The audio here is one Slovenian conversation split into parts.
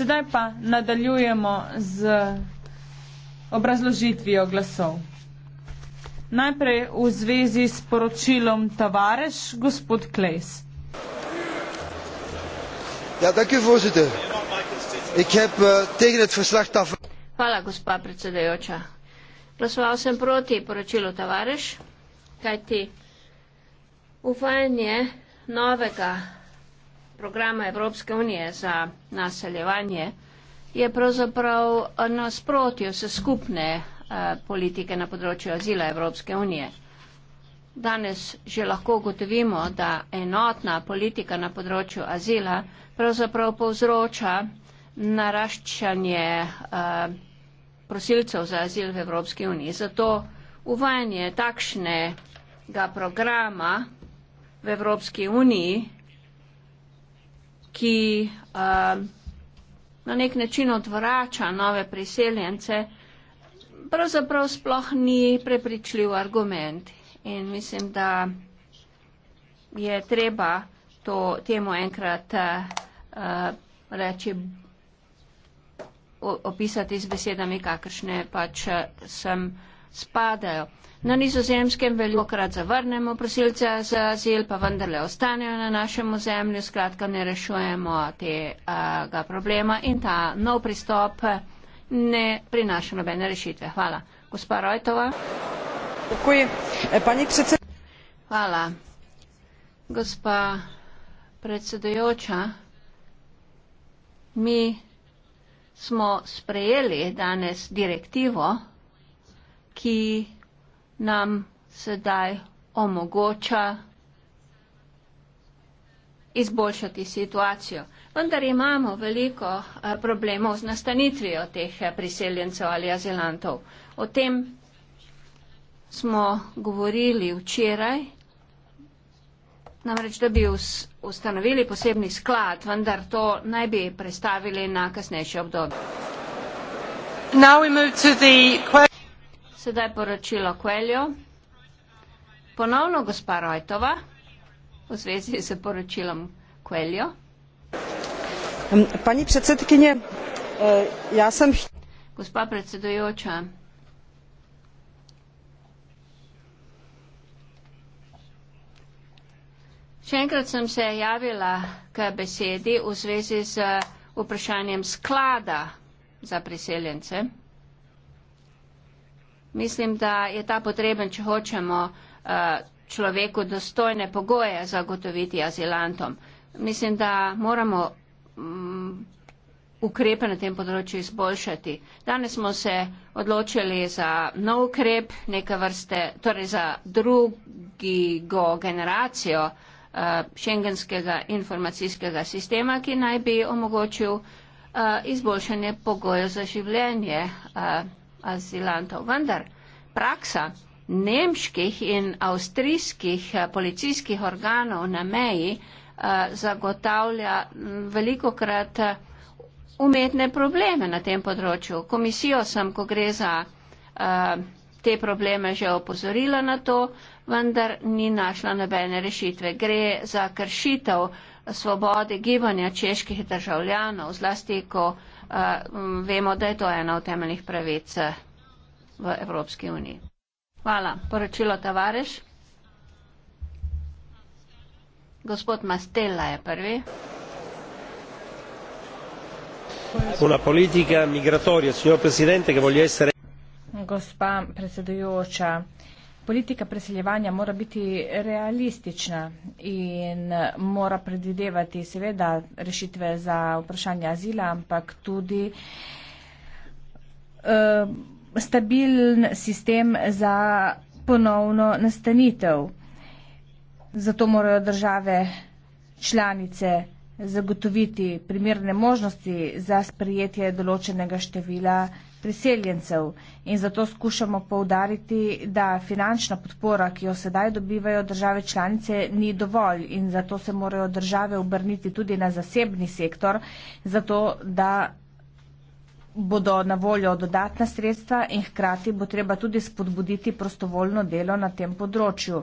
Sedaj pa nadaljujemo z obrazložitvijo glasov. Najprej v zvezi s poročilom tavareš, gospod Klejs. Ja, tako je, vozite. Ikep eh, tegnet verslag tavareš. Hvala, gospa predsedajoča. Glasoval sem proti poročilu tavareš, kajti ufajanje novega programa Evropske unije za naseljevanje je pravzaprav nasprotju s skupne eh, politike na področju azila Evropske unije. Danes že lahko ugotovimo, da enotna politika na področju azila pravzaprav povzroča naraščanje eh, prosilcev za azil v Evropski uniji. Zato uvajanje takšnega programa v Evropski uniji ki uh, na nek način odvrača nove priseljence, pravzaprav sploh ni prepričljiv argument. In mislim, da je treba to, temu enkrat uh, reči, opisati z besedami, kakršne pač eh, sem. Uh, spadajo. Na nizozemskem veliko krat zavrnemo prosilce za azil, pa vendarle ostanejo na našem ozemlju, skratka ne rešujemo tega problema in ta nov pristop ne prinaša nobene rešitve. Hvala. Gospa Rojtova. E, Hvala. Gospa predsedujoča, mi smo sprejeli danes direktivo, ki nam sedaj omogoča izboljšati situacijo. Vendar imamo veliko eh, problemov z nastanitvijo teh eh, priseljencev ali azilantov. O tem smo govorili včeraj, namreč da bi ustanovili posebni sklad, vendar to naj bi predstavili na kasnejše obdobje. Now we move to the question. Sedaj poročilo Kueljo. Ponovno gospa Rojtova v zvezi s poročilom Kueljo. Pani predsednikinje, e, jaz sem. Gospa predsedujoča. Še enkrat sem se javila k besedi v zvezi z vprašanjem sklada za priseljence. Mislim, da je ta potreben, če hočemo eh, človeku dostojne pogoje zagotoviti azilantom. Mislim, da moramo mm, ukrepe na tem področju izboljšati. Danes smo se odločili za nov ukrep, neka vrste, torej za drugo generacijo eh, šengenskega informacijskega sistema, ki naj bi omogočil eh, izboljšanje pogojev za življenje azilantov. Vendar praksa nemških in avstrijskih eh, policijskih organov na meji eh, zagotavlja mm, veliko krat eh, umetne probleme na tem področju. Komisijo sem, ko gre za te probleme, že opozorila na to, vendar ni našla nobene rešitve. Gre za kršitev svobode gibanja čeških državljanov, zlasti ko uh, vemo, da je to ena od temeljnih pravic eh, v Evropski uniji. Hvala. Poročilo Tavareš. Gospod Mastella je prvi. Una politica migratoria, signor Presidente, che voglio essere. Gospa predsedujoča, uh, Politika preseljevanja mora biti realistična in mora predvidevati seveda rešitve za vprašanje azila, ampak tudi uh, stabilen sistem za ponovno nastanitev. Zato morajo države članice zagotoviti primerne možnosti za sprijetje določenega števila priseljencev. In zato skušamo povdariti, da finančna podpora, ki jo sedaj dobivajo države članice, ni dovolj in zato se morajo države obrniti tudi na zasebni sektor, zato da bodo na voljo dodatna sredstva in hkrati bo treba tudi spodbuditi prostovoljno delo na tem področju.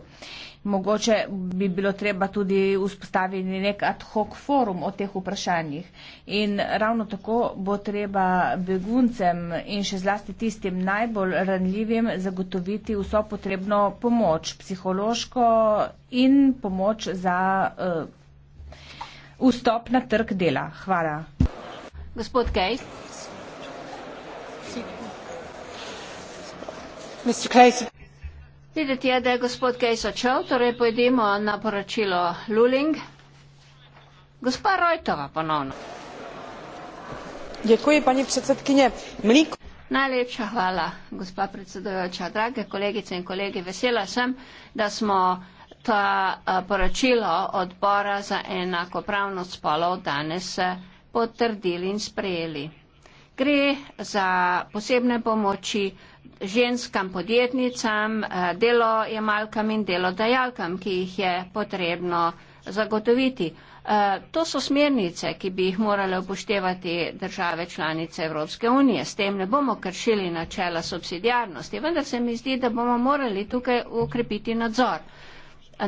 Mogoče bi bilo treba tudi vzpostaviti nek ad hoc forum o teh vprašanjih. In ravno tako bo treba beguncem in še zlasti tistim najbolj ranljivim zagotoviti vso potrebno pomoč, psihološko in pomoč za uh, vstop na trg dela. Hvala. Gospod Kej. Videti je, da je gospod Gejs odšel, torej pojdimo na poročilo Luling. Gospa Rojtova ponovno. Děkuji, paní předsedkyně. Mlíko. Najlepša hvala, gospa predsedujoča. Drage kolegice in kolegi, vesela sem, da smo ta eh, poročilo odbora za enakopravnost spolov danes eh, potrdili in sprejeli gre za posebne pomoči ženskam podjetnicam, eh, delojemalkam in delodajalkam, ki jih je potrebno zagotoviti. Eh, to so smernice, ki bi jih morale upoštevati države članice Evropske unije. S tem ne bomo kršili načela subsidijarnosti, vendar se mi zdi, da bomo morali tukaj ukrepiti nadzor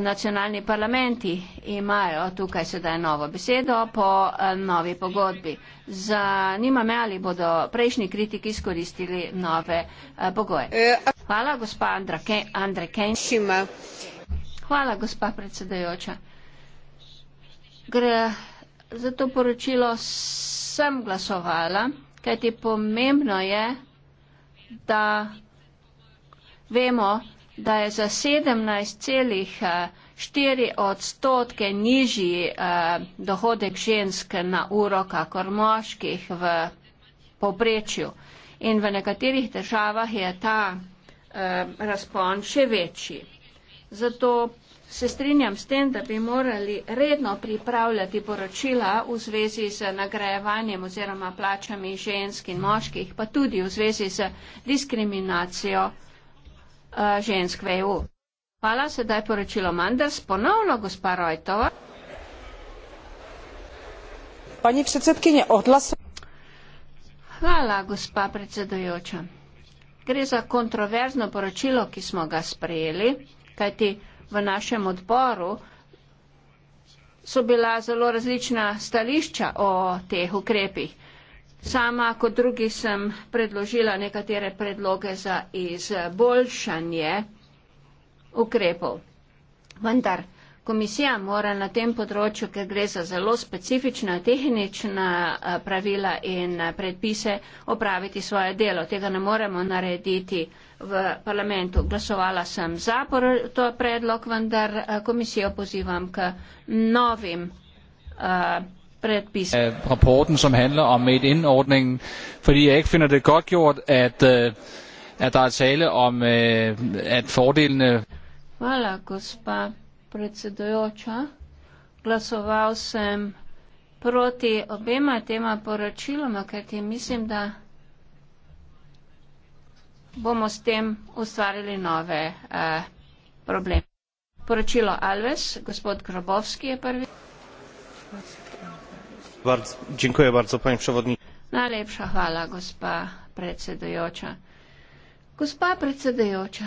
nacionalni parlamenti imajo tukaj sedaj novo besedo po eh, novi pogodbi. Zanima me, ali bodo prejšnji kritiki izkoristili nove eh, pogoje. Eh, Hvala, gospa Andrej Kenšima. Hvala, gospa predsedajoča. Gre za to poročilo sem glasovala, kajti pomembno je, da vemo, da je za 17,4 eh, odstotke nižji eh, dohodek žensk na uro, kakor moških v poprečju. In v nekaterih državah je ta eh, razpon še večji. Zato se strinjam s tem, da bi morali redno pripravljati poročila v zvezi z nagrajevanjem oziroma plačami žensk in moških, pa tudi v zvezi z diskriminacijo. Eh, žensk v EU. Hvala, sedaj poročilo Manders, ponovno gospa Rojtova. Hvala, gospa predsedujoča. Gre za kontroverzno poročilo, ki smo ga sprejeli, kajti v našem odboru so bila zelo različna stališča o teh ukrepih. Sama kot drugi sem predložila nekatere predloge za izboljšanje ukrepov. Vendar komisija mora na tem področju, ker gre za zelo specifična tehnična eh, pravila in eh, predpise, opraviti svoje delo. Tega ne moremo narediti v parlamentu. Glasovala sem za to predlog, vendar eh, komisijo pozivam k novim. Uh, rapporten, som handler om made in ordningen fordi jeg ikke finder det godt gjort, at, uh, at der er tale om, uh, at fordelene... Hvala, gospa predsedujoča. Glasoval sem proti obema tema poročiloma, ker ti mislim, da bomo s tem ustvarili nove uh, probleme. Poročilo Alves, gospod Grobovski je prvi najlepša hvala gospa predsedujoča gospa predsedujoča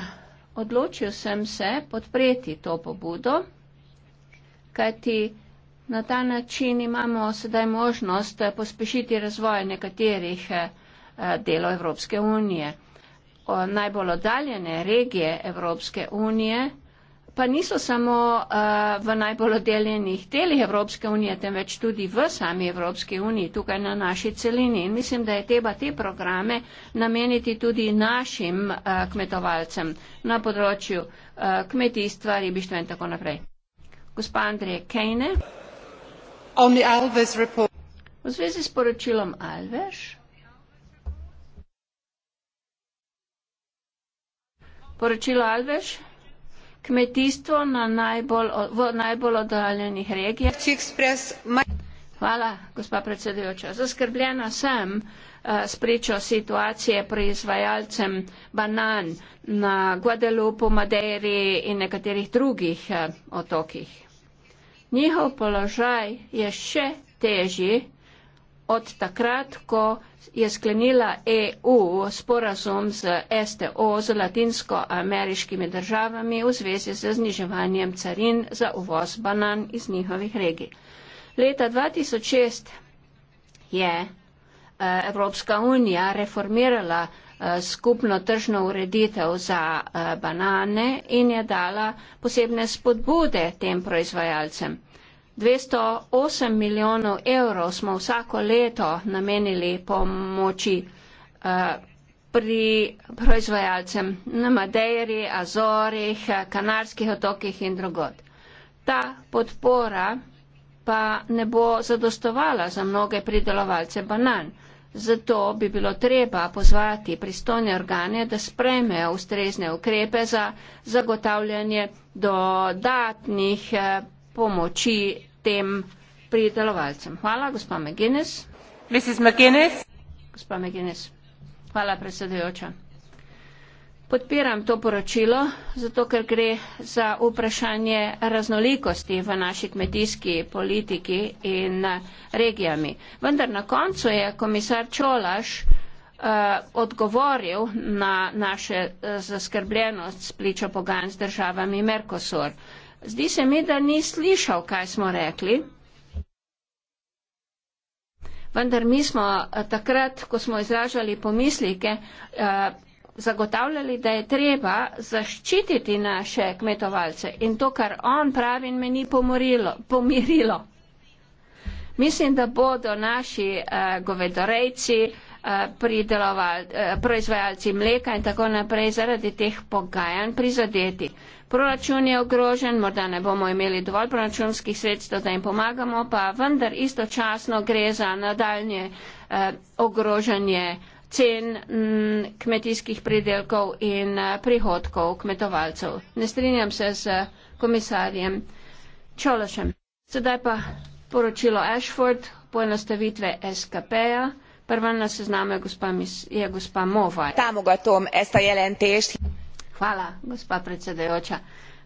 odločil sem se podpreti to pobudo kajti na ta način imamo sedaj možnost pospešiti razvoj nekaterih eh, delov evropske unije najbolj oddaljene regije evropske unije pa niso samo eh, v najbolj oddeljenih delih Evropske unije, temveč tudi v sami Evropske uniji, tukaj na naši celini. In mislim, da je treba te programe nameniti tudi našim eh, kmetovalcem na področju eh, kmetijstva, ribištva in tako naprej. Gospa Andreje Kejne. V zvezi s poročilom Alves. Poročilo Alves kmetijstvo na najbolj, v najbolj oddaljenih regijah. Hvala, gospa predsedujoča. Zaskrbljena sem uh, eh, spričo situacije proizvajalcem banan na Guadalupu, Madeiri in nekaterih drugih uh, otokih. Njihov položaj je še težji od takrat, ko je sklenila EU sporazum z STO z latinskoameriškimi državami v zvezi z zniževanjem carin za uvoz banan iz njihovih regij. Leta 2006 je eh, Evropska unija reformirala eh, skupno tržno ureditev za eh, banane in je dala posebne spodbude tem proizvajalcem. 208 milijonov evrov smo vsako leto namenili pomoči uh, pri proizvajalcem na Madejri, Azorih, Kanarskih otokih in drugod. Ta podpora pa ne bo zadostovala za mnoge pridelovalce banan. Zato bi bilo treba pozvati pristojne organe, da spremejo ustrezne ukrepe za zagotavljanje dodatnih eh, pomoči tem pridelovalcem. Hvala, gospa McGuinness. Mrs. McGuinness. Gospa McGuinness. Hvala, predsedujoča. Podpiram to poročilo, zato ker gre za vprašanje raznolikosti v naši kmetijski politiki in regijami. Vendar na koncu je komisar Čolaš uh, odgovoril na naše uh, zaskrbljenost s pličo pogajanj z državami Merkosur. Uh, Zdi se mi, da ni slišal, kaj smo rekli. Vendar mi smo eh, takrat, ko smo izražali pomislike, eh, zagotavljali, da je treba zaščititi naše kmetovalce in to, kar on pravi, me ni pomorilo, pomirilo. Mislim, da bodo naši eh, govedorejci Eh, pridelovali, eh, proizvajalci mleka in tako naprej zaradi teh pogajanj prizadeti. Proračun je ogrožen, morda ne bomo imeli dovolj proračunskih sredstev, da jim pomagamo, pa vendar istočasno gre za nadaljnje eh, ogrožanje cen mm, kmetijskih pridelkov in prihodkov kmetovalcev. Ne strinjam se s komisarjem Čološem. Sedaj pa poročilo Ashford, poenostavitve SKP-ja támogatom ezt a jelentést. Hvala, gospa predsedajoča.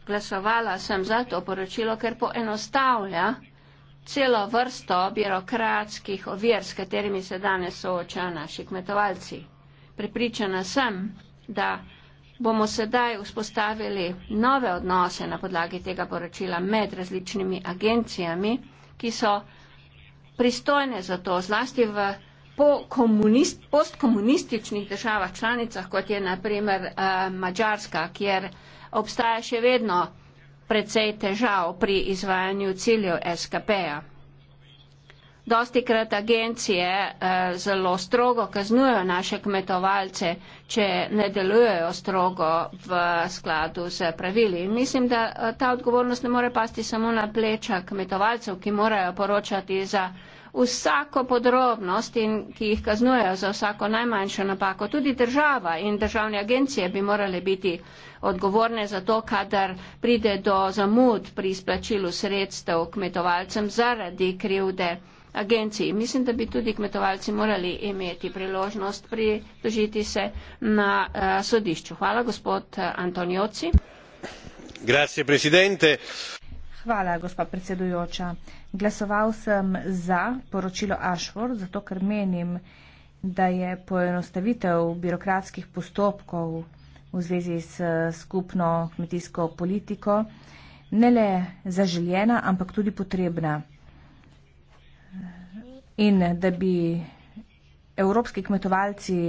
Glasovala sem za to poročilo, ker poenostavlja celo vrsto birokratskih ovir, s katerimi se danes soočajo naši kmetovalci. Pripričana sem, da bomo sedaj vzpostavili nove odnose na podlagi tega poročila med različnimi agencijami, ki so pristojne za to, zlasti v po komunist, postkomunističnih državah članicah, kot je naprimer eh, Mačarska, kjer obstaja še vedno precej težav pri izvajanju ciljev SKP-ja. Dosti krat agencije eh, zelo strogo kaznujejo naše kmetovalce, če ne delujejo strogo v skladu z pravili. In mislim, da eh, ta odgovornost ne more pasti samo na pleča kmetovalcev, ki morajo poročati za vsako podrobnost in ki jih kaznujejo za vsako najmanjšo napako. Tudi država in državne agencije bi morale biti odgovorne za to, kadar pride do zamud pri izplačilu sredstev kmetovalcem zaradi krivde agenciji. Mislim, da bi tudi kmetovalci morali imeti priložnost pridožiti se na uh, sodišču. Hvala, gospod eh, Antonioci. Hvala, gospod predsedujoča. Glasoval sem za poročilo Ashford, zato ker menim, da je poenostavitev birokratskih postopkov v zvezi s eh, skupno kmetijsko politiko ne le zaželjena, ampak tudi potrebna. In da bi evropski kmetovalci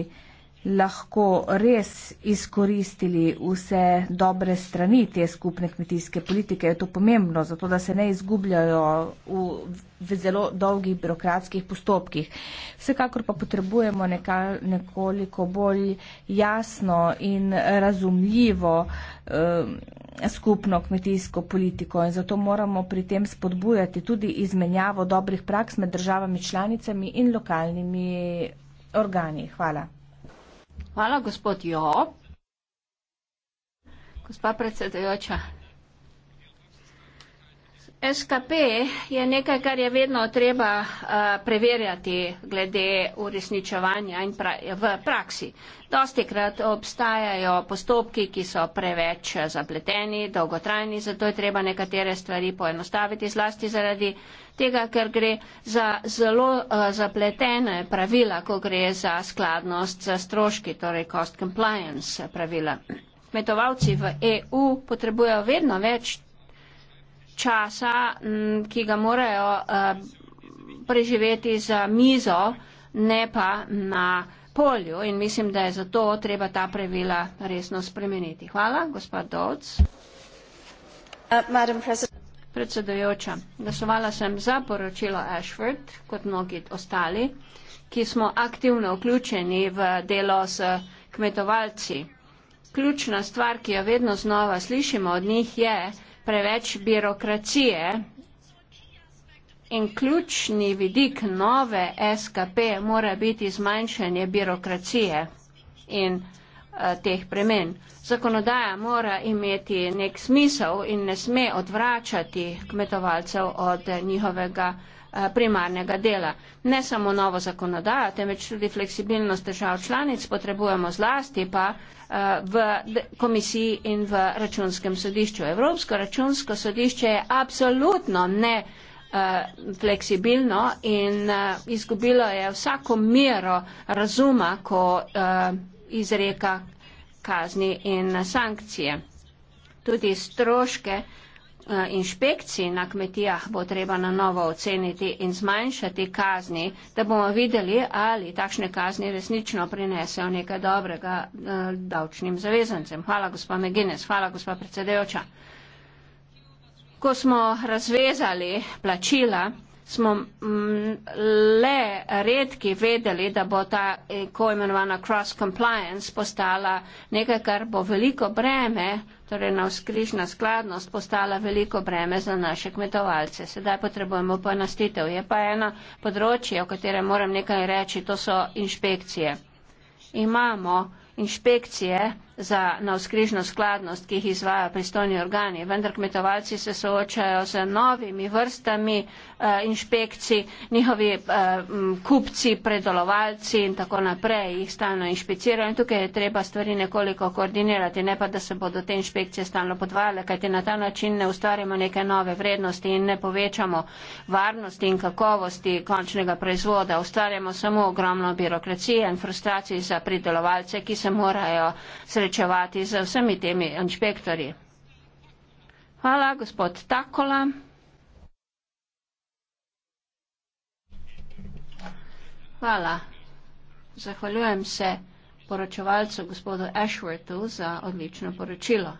lahko res izkoristili vse dobre strani te skupne kmetijske politike. Je to pomembno, zato da se ne izgubljajo v, v zelo dolgih birokratskih postopkih. Vsekakor pa potrebujemo neka, nekoliko bolj jasno in razumljivo eh, skupno kmetijsko politiko in zato moramo pri tem spodbujati tudi izmenjavo dobrih praks med državami članicami in lokalnimi organi. Hvala. Hvala, gospod Job. Gospa predsedujoča, SKP je nekaj, kar je vedno treba eh, preverjati glede uresničevanja in pra v praksi. Dosti krat obstajajo postopki, ki so preveč zapleteni, dolgotrajni, zato je treba nekatere stvari poenostaviti zlasti zaradi tega, ker gre za zelo eh, zapletene pravila, ko gre za skladnost za stroški, torej cost compliance pravila. Kmetovalci v EU potrebujejo vedno več časa, m, mm, ki ga morajo a, eh, preživeti za mizo, ne pa na polju. In mislim, da je zato treba ta pravila resno spremeniti. Hvala, gospod Dovc. Uh, Predsedujoča, glasovala sem za poročilo Ashford, kot mnogi ostali, ki smo aktivno vključeni v delo s kmetovalci. Ključna stvar, ki jo vedno znova slišimo od njih, je, preveč birokracije. In ključni vidik nove SKP mora biti zmanjšanje birokracije in uh, teh premen. Zakonodaja mora imeti nek smisel in ne sme odvračati kmetovalcev od njihovega. Uh, Eh, primarnega dela. Ne samo novo zakonodajo, temveč tudi fleksibilnost držav članic potrebujemo zlasti pa eh, v komisiji in v računskem sodišču. Evropsko računsko sodišče je absolutno ne eh, fleksibilno in izgubilo je vsako mero razuma, ko izreka kazni in sankcije. Tudi stroške Eh, inšpekcij na kmetijah bo treba na novo oceniti in zmanjšati kazni, da bomo videli, ali takšne kazni resnično prinesejo nekaj dobrega eh, davčnim zavezancem. Hvala, gospa Meginez, hvala, gospa predsedujoča. Ko smo razvezali plačila, smo mm, le redki vedeli, da bo ta eh, ko imenovana cross compliance postala nekaj, kar bo veliko breme, torej navskrižna skladnost postala veliko breme za naše kmetovalce. Sedaj potrebujemo poenostitev. Je pa ena področje, o katerem moram nekaj reči, to so inšpekcije. Imamo inšpekcije za navskrižno skladnost, ki jih izvaja pristojni organi, vendar kmetovalci se soočajo z novimi vrstami Eh, inšpekciji, njihovi eh, kupci, predolovalci in tako naprej jih stalno inšpicirajo in tukaj je treba stvari nekoliko koordinirati, ne pa da se bodo te inšpekcije stalno podvajale, kajti na ta način ne ustvarjamo neke nove vrednosti in ne povečamo varnosti in kakovosti končnega proizvoda, ustvarjamo samo ogromno birokracije in frustracij za pridelovalce, ki se morajo srečevati z vsemi temi inšpektorji. Hvala, gospod Takola. Hvala. Zahvaljujem se poročevalcu gospodu Ashworthu za odlično poročilo.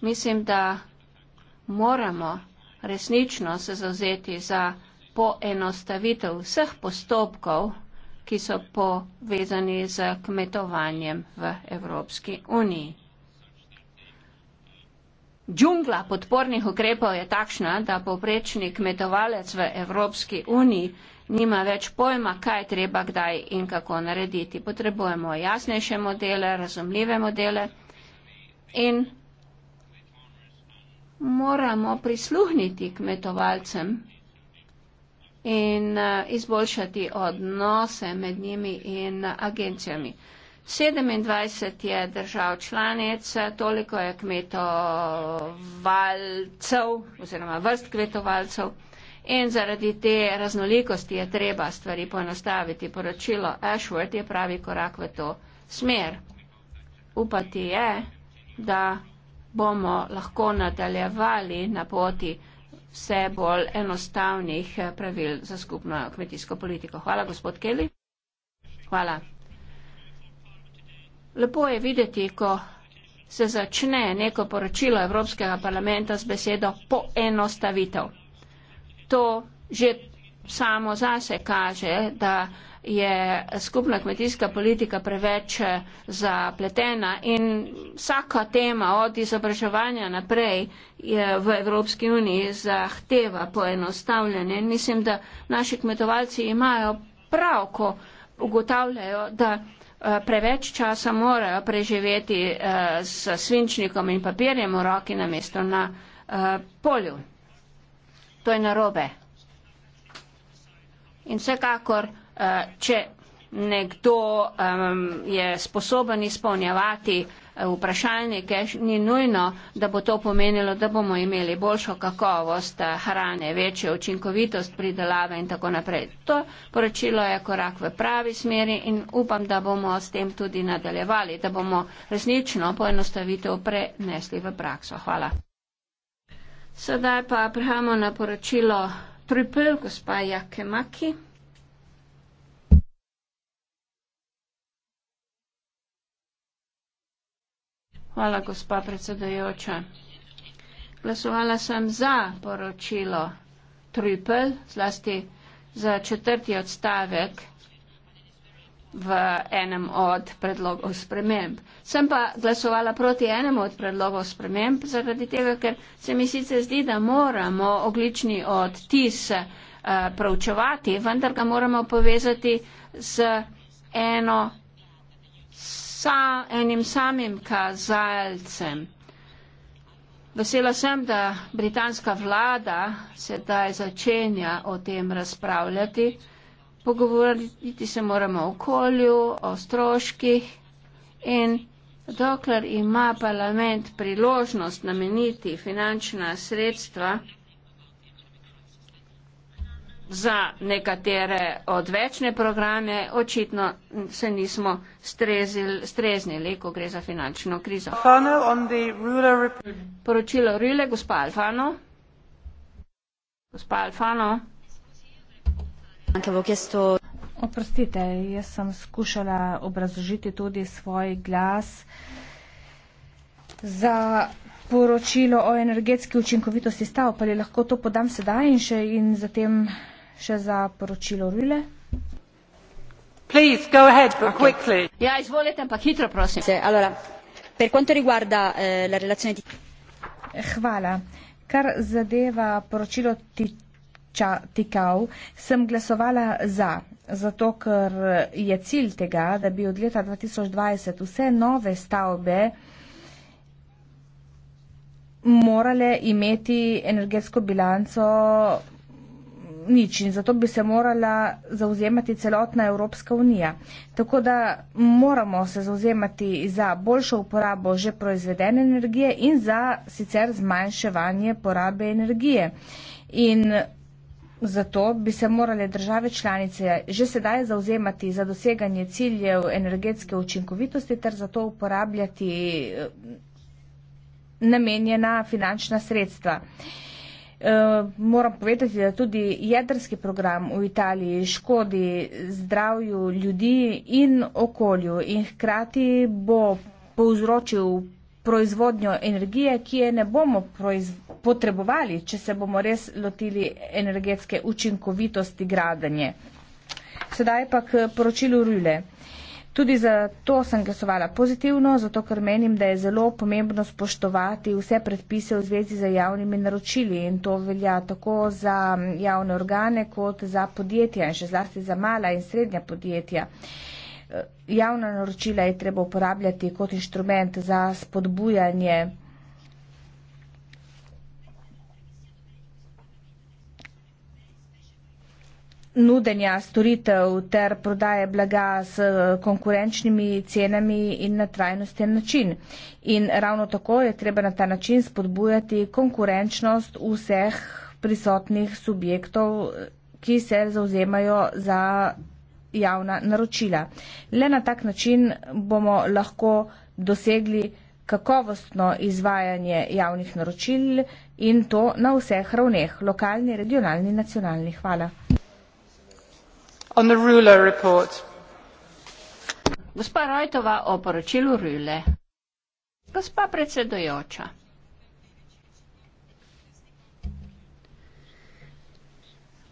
Mislim, da moramo resnično se zauzeti za poenostavitev vseh postopkov, ki so povezani z kmetovanjem v Evropski uniji. Džungla podpornih ukrepov je takšna, da povprečni kmetovalec v Evropski uniji nima več pojma, kaj je treba, kdaj in kako narediti. Potrebujemo jasnejše modele, razumljive modele in moramo prisluhniti kmetovalcem in eh, izboljšati odnose med njimi in agencijami. 27 je držav članic, toliko je kmetovalcev oziroma vrst kmetovalcev in zaradi te raznolikosti je treba stvari poenostaviti. Poročilo Ashworth je pravi korak v to smer. Upati je, da bomo lahko nadaljevali na poti vse bolj enostavnih pravil za skupno kmetijsko politiko. Hvala, gospod Kelly. Hvala. Lepo je videti, ko se začne neko poročilo Evropskega parlamenta z besedo poenostavitev. To že samo zase kaže, da je skupna kmetijska politika preveč eh, zapletena in vsaka tema od izobraževanja naprej v Evropski uniji zahteva poenostavljanje. Mislim, da naši kmetovalci imajo prav, ko ugotavljajo, da Eh, preveč časa morajo preživeti eh, s svinčnikom in papirjem v roki na mesto eh, na polju. To je narobe. In vsekakor, če nekdo um, je sposoben izpolnjevati eh, vprašalnike, ni nujno, da bo to pomenilo, da bomo imeli boljšo kakovost eh, hrane, večjo učinkovitost pridelave in tako naprej. To poročilo je korak v pravi smeri in upam, da bomo s tem tudi nadaljevali, da bomo resnično poenostavitev prenesli v prakso. Hvala. Sedaj pa prehajamo na poročilo Triple, gospa Jakemaki. Hvala, gospa predsedajoča. Glasovala sem za poročilo Trupel, zlasti za četrti odstavek v enem od predlogov sprememb. Sem pa glasovala proti enemu od predlogov sprememb, zaradi tega, ker se mi sicer zdi, da moramo oglični odtis eh, proučevati, vendar ga moramo povezati z eno s sa, enim samim kazalcem. Vesela sem, da britanska vlada sedaj začenja o tem razpravljati. Pogovoriti se moramo o okolju, o stroških in dokler ima parlament priložnost nameniti finančna sredstva, za nekatere odvečne programe, očitno se nismo strezil, streznili, ko gre za finančno krizo. Poročilo Rile, gospa Alfano. Gospa Alfano. Oprostite, jaz sem skušala obrazložiti tudi svoj glas za poročilo o energetski učinkovitosti stav, pa li lahko to podam sedaj in še in zatem še za poročilo Rile. Please, go ahead, but quickly. Okay. Ja, izvolite, ampak hitro, prosim. Se, allora, per quanto riguarda eh, la relazione di... Eh, hvala. Kar zadeva poročilo tiča, Tikau, sem glasovala za. Zato, ker eh, je cilj tega, da bi od leta 2020 vse nove stavbe morale imeti energetsko bilanco nič in zato bi se morala zauzemati celotna Evropska unija. Tako da moramo se zauzemati za boljšo uporabo že proizvedene energije in za sicer zmanjševanje porabe energije. In zato bi se morale države članice že sedaj zauzemati za doseganje ciljev energetske učinkovitosti ter zato uporabljati eh, namenjena finančna sredstva. Eh, moram povedati, da tudi jedrski program v Italiji škodi zdravju ljudi in okolju in hkrati bo povzročil proizvodnjo energije, ki je ne bomo potrebovali, če se bomo res lotili energetske učinkovitosti gradanje. Sedaj pa k poročilu Rüle. Uh, Tudi zato sem glasovala pozitivno, zato ker menim, da je zelo pomembno spoštovati vse predpise v zvezi z javnimi naročili in to velja tako za javne organe kot za podjetja in še zlasti za mala in srednja podjetja. E, javna naročila je treba uporabljati kot inštrument za spodbujanje nudenja storitev ter prodaje blaga s konkurenčnimi cenami in na trajnosten način. In ravno tako je treba na ta način spodbujati konkurenčnost vseh prisotnih subjektov, ki se zauzemajo za javna naročila. Le na tak način bomo lahko dosegli kakovostno izvajanje javnih naročil in to na vseh ravneh, lokalni, regionalni, nacionalni. Hvala gospa reutova o poročilu rühle gospa predsedujoča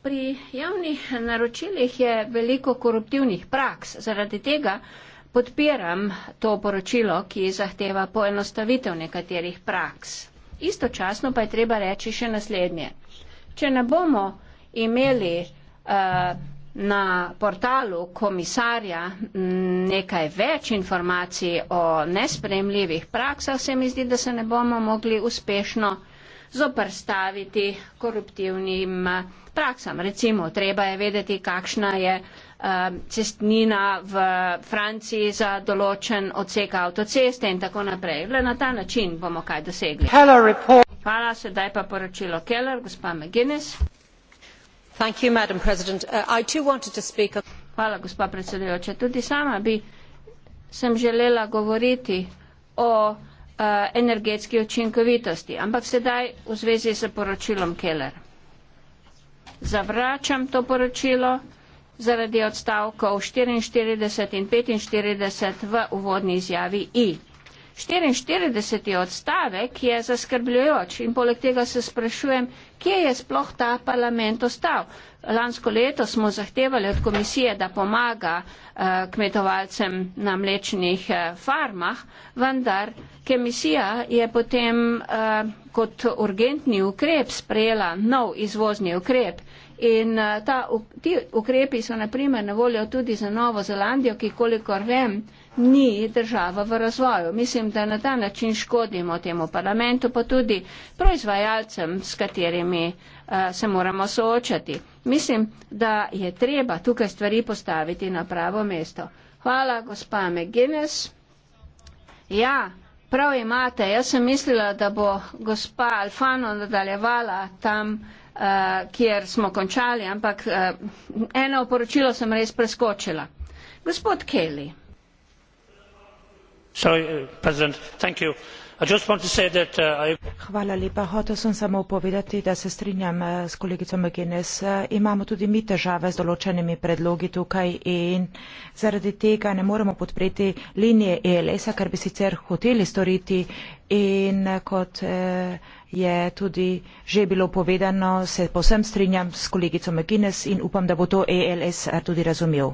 pri javnih naročilih je veliko koruptivnih praks zaradi tega podpiram to poročilo ki zahteva poenostavitev nekaterih praks istočasno pa je treba reči še naslednje če ne bomo imeli uh, na portalu komisarja nekaj več informacij o nespremljivih praksah, se mi zdi, da se ne bomo mogli uspešno zoprstaviti koruptivnim eh, praksam. Recimo, treba je vedeti, kakšna je eh, cestnina v Franciji za določen odsek avtoceste in tako naprej. Le na ta način bomo kaj dosegli. Hvala, sedaj pa poročilo Keller, gospa McGuinness. Uh, gospa predsedujoča tudi sama bi sem želela govoriti o uh, energetski učinkovitosti ampak sedaj v zvezi s poročilom keller zavračam to poročilo zaradi odstavkov 44 in 45 v uvodni izjavi i. 44. odstavek je zaskrbljujoč in poleg tega se sprašujem, kje je sploh ta parlament ostal. Lansko leto smo zahtevali od komisije, da pomaga eh, kmetovalcem na mlečnih eh, farmah, vendar komisija je potem eh, kot urgentni ukrep sprejela nov izvozni ukrep. In eh, ta, ti ukrepi so naprimer na voljo tudi za Novo Zelandijo, ki kolikor vem, ni država v razvoju. Mislim, da na ta način škodimo temu parlamentu, pa tudi proizvajalcem, s katerimi uh, se moramo soočati. Mislim, da je treba tukaj stvari postaviti na pravo mesto. Hvala, gospa McGuinness. Ja, prav imate. Jaz sem mislila, da bo gospa Alfano nadaljevala tam, uh, kjer smo končali, ampak uh, eno poročilo sem res preskočila. Gospod Kelly. Uh, uh, hotel sem samo povedati da se strinjam uh, s kolegico mcguinness imamo tudi mi težave z določenimi predlogi tukaj in zaradi tega ne moremo podpreti linije els a kar bi sicer hoteli storiti in kot je tudi že bilo povedano se povsem strinjam s kolegico mcguinness in upam da bo to els tudi razumel.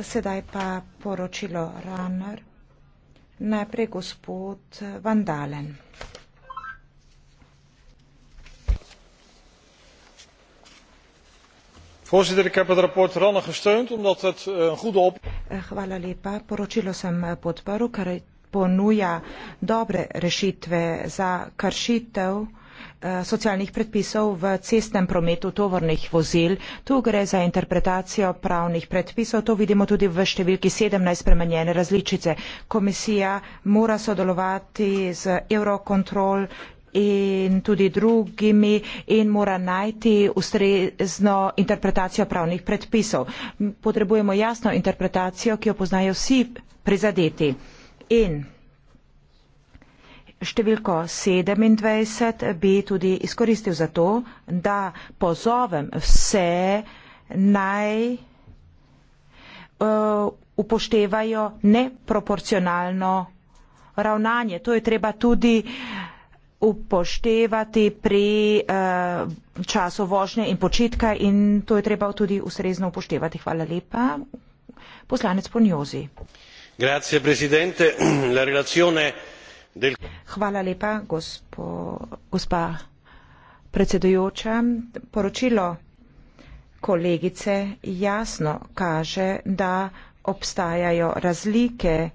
Sedaj pa poročilo Runner. Najprej gospod Vandalen. Voorzitter, ik heb het rapport Ranne gesteund omdat het eh, een goede op. Eh, hvala lepa. Poročilo sem eh, podporu, ker ponuja dobre rešitve za kršitev. Eh, socialnih predpisov v cestnem prometu tovornih vozil. Tu gre za interpretacijo pravnih predpisov, to vidimo tudi v številki 17 spremenjene različice. Komisija mora sodelovati z Eurocontrol in tudi drugimi in mora najti ustrezno interpretacijo pravnih predpisov. Potrebujemo jasno interpretacijo, ki jo poznajo vsi prizadeti. In Številko 27 bi tudi izkoristil za to, da pozovem vse naj e, upoštevajo neproporcionalno ravnanje. To je treba tudi upoštevati pri e, času vožnje in počitka in to je treba tudi ustrezno upoštevati. Hvala lepa. Poslanec Ponjozi del. Hvala lepa, gospo, gospa predsedujoča. Poročilo kolegice jasno kaže, da obstajajo razlike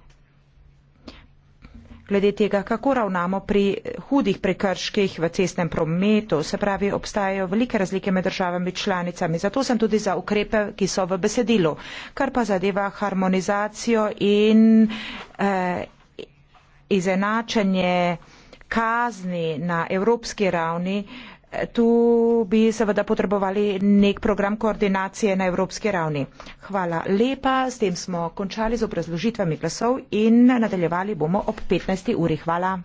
glede tega, kako ravnamo pri hudih prekrških v cestnem prometu. Se pravi, obstajajo velike razlike med državami članicami. Zato sem tudi za ukrepe, ki so v besedilu. Kar pa zadeva harmonizacijo in eh, izenačenje kazni na evropski ravni, tu bi seveda potrebovali nek program koordinacije na evropski ravni. Hvala lepa, s tem smo končali z obrazložitvami glasov in nadaljevali bomo ob 15. uri. Hvala.